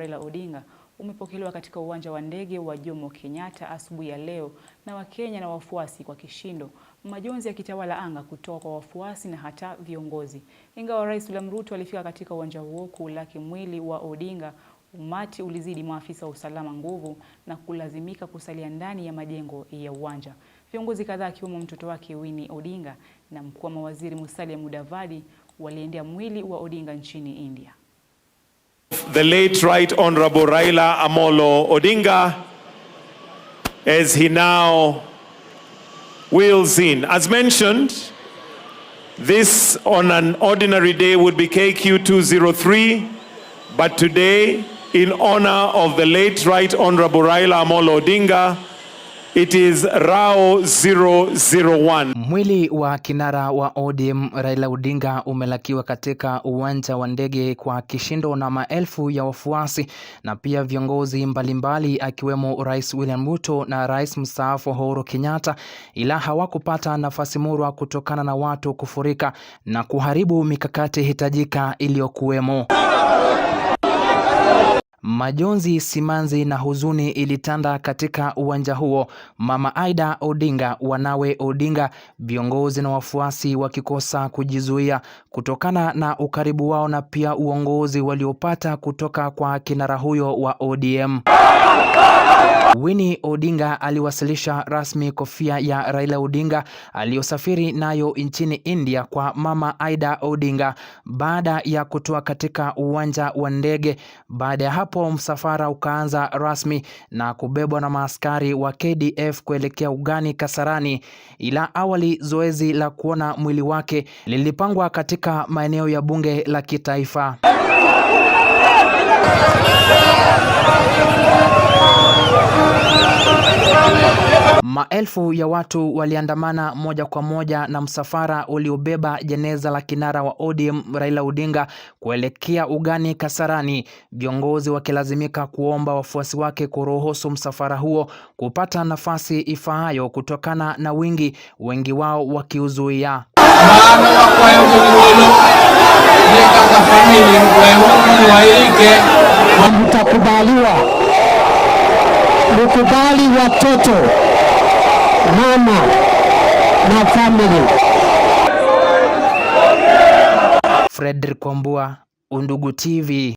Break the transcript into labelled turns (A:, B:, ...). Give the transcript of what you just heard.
A: Raila Odinga umepokelewa katika uwanja wa ndege wa Jomo Kenyatta asubuhi ya leo na Wakenya na wafuasi kwa kishindo, majonzi yakitawala anga kutoka kwa wafuasi na hata viongozi. Ingawa Rais William Ruto alifika katika uwanja huo kuulaki mwili wa Odinga, umati ulizidi maafisa wa usalama nguvu na kulazimika kusalia ndani ya majengo ya uwanja. Viongozi kadhaa akiwemo mtoto wake Winnie Odinga na mkuu wa mawaziri Musalia Mudavadi waliendea mwili wa Odinga nchini India.
B: the late Right Honorable Raila Amolo Odinga as he now wheels in. As mentioned, this on an ordinary day would be KQ 203, but today, in honor of the late Right Honorable Raila Amolo Odinga, It is Rao 001.
C: Mwili wa kinara wa ODM Raila Odinga umelakiwa katika uwanja wa ndege kwa kishindo na maelfu ya wafuasi na pia viongozi mbalimbali akiwemo Rais William Ruto na Rais mstaafu Uhuru Kenyatta, ila hawakupata nafasi murwa kutokana na watu kufurika na kuharibu mikakati hitajika iliyokuwemo. Majonzi, simanzi na huzuni ilitanda katika uwanja huo, Mama Aida Odinga, wanawe Odinga, viongozi na wafuasi wakikosa kujizuia kutokana na ukaribu wao na pia uongozi waliopata kutoka kwa kinara huyo wa ODM. Winnie Odinga aliwasilisha rasmi kofia ya Raila Odinga aliyosafiri nayo nchini India kwa mama Aida Odinga baada ya kutoa katika uwanja wa ndege. Baada ya hapo, msafara ukaanza rasmi na kubebwa na maaskari wa KDF kuelekea ugani Kasarani, ila awali zoezi la kuona mwili wake lilipangwa katika maeneo ya bunge la kitaifa. Maelfu ya watu waliandamana moja kwa moja na msafara uliobeba jeneza la kinara wa ODM Raila Odinga kuelekea ugani Kasarani, viongozi wakilazimika kuomba wafuasi wake kuruhusu msafara huo kupata nafasi ifaayo kutokana na wingi, wengi wao wakiuzuia.
D: Mtakubaliwa, mkubali watoto mama na family.
E: Fredrick Kwambua, Undugu TV.